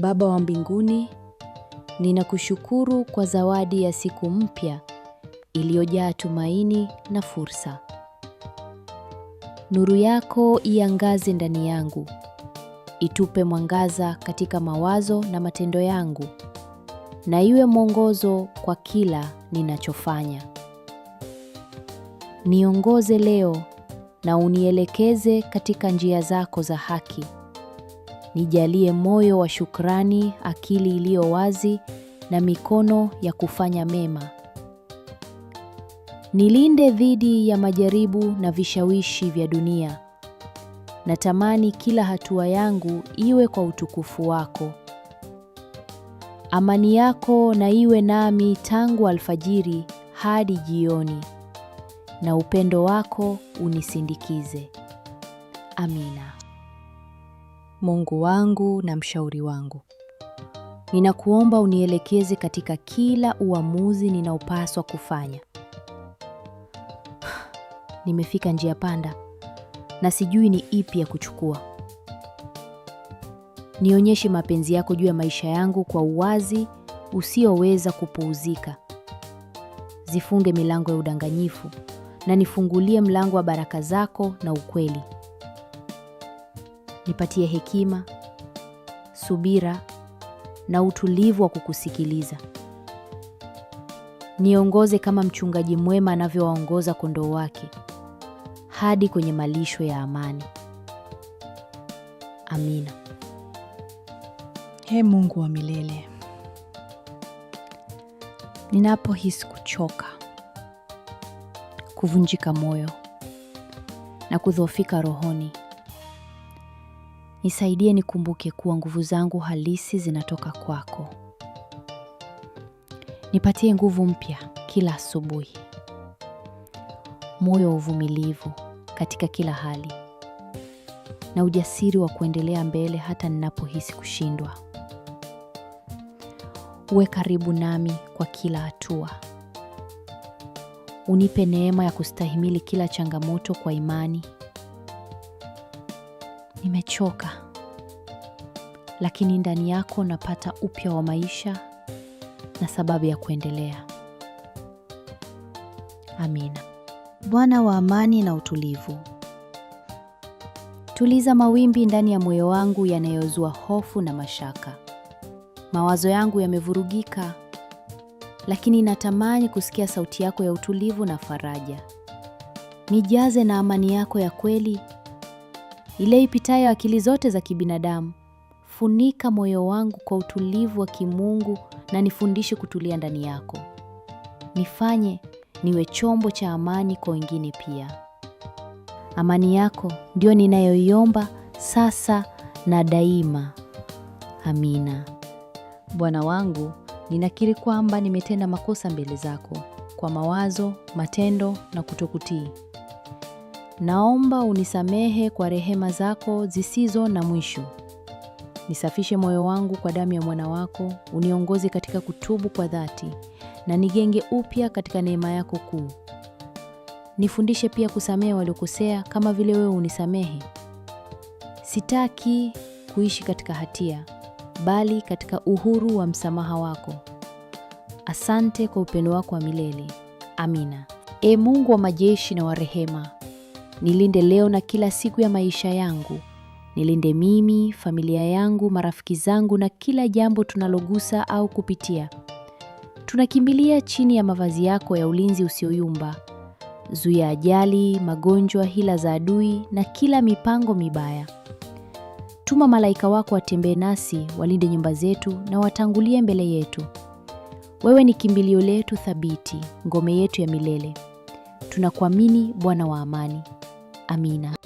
Baba wa mbinguni, ninakushukuru kwa zawadi ya siku mpya iliyojaa tumaini na fursa. Nuru yako iangaze ndani yangu, itupe mwangaza katika mawazo na matendo yangu, na iwe mwongozo kwa kila ninachofanya. Niongoze leo na unielekeze katika njia zako za haki nijalie moyo wa shukrani, akili iliyo wazi na mikono ya kufanya mema. Nilinde dhidi ya majaribu na vishawishi vya dunia. Natamani kila hatua yangu iwe kwa utukufu wako. Amani yako na iwe nami tangu alfajiri hadi jioni, na upendo wako unisindikize. Amina. Mungu wangu na mshauri wangu. Ninakuomba unielekeze katika kila uamuzi ninaopaswa kufanya. Nimefika njia panda na sijui ni ipi ya kuchukua. Nionyeshe mapenzi yako juu ya maisha yangu kwa uwazi usioweza kupuuzika. Zifunge milango ya udanganyifu na nifungulie mlango wa baraka zako na ukweli nipatie hekima, subira na utulivu wa kukusikiliza. Niongoze kama mchungaji mwema anavyowaongoza kondoo wake hadi kwenye malisho ya amani. Amina. He Mungu wa milele, ninapohisi kuchoka, kuvunjika moyo na kudhoofika rohoni, Nisaidie nikumbuke kuwa nguvu zangu halisi zinatoka kwako. Nipatie nguvu mpya kila asubuhi, moyo wa uvumilivu katika kila hali, na ujasiri wa kuendelea mbele hata ninapohisi kushindwa. Uwe karibu nami kwa kila hatua. Unipe neema ya kustahimili kila changamoto kwa imani nimechoka, lakini ndani yako napata upya wa maisha na sababu ya kuendelea. Amina. Bwana wa amani na utulivu, tuliza mawimbi ndani ya moyo wangu yanayozua hofu na mashaka. Mawazo yangu yamevurugika, lakini natamani kusikia sauti yako ya utulivu na faraja. Nijaze na amani yako ya kweli ile ipitayo akili zote za kibinadamu. Funika moyo wangu kwa utulivu wa kimungu na nifundishe kutulia ndani yako. Nifanye niwe chombo cha amani kwa wengine pia. Amani yako ndiyo ninayoiomba sasa na daima. Amina. Bwana wangu, ninakiri kwamba nimetenda makosa mbele zako kwa mawazo, matendo na kutokutii naomba unisamehe kwa rehema zako zisizo na mwisho. Nisafishe moyo wangu kwa damu ya mwana wako, uniongoze katika kutubu kwa dhati, na nijenge upya katika neema yako kuu. Nifundishe pia kusamehe waliokosea kama vile wewe unisamehe. Sitaki kuishi katika hatia, bali katika uhuru wa msamaha wako. Asante kwa upendo wako wa milele. Amina. E Mungu wa majeshi na wa rehema Nilinde leo na kila siku ya maisha yangu. Nilinde mimi, familia yangu, marafiki zangu na kila jambo tunalogusa au kupitia. Tunakimbilia chini ya mavazi yako ya ulinzi usioyumba. Zuia ajali, magonjwa, hila za adui na kila mipango mibaya. Tuma malaika wako watembee nasi, walinde nyumba zetu na watangulie mbele yetu. Wewe ni kimbilio letu thabiti, ngome yetu ya milele. Tunakuamini Bwana wa amani. Amina.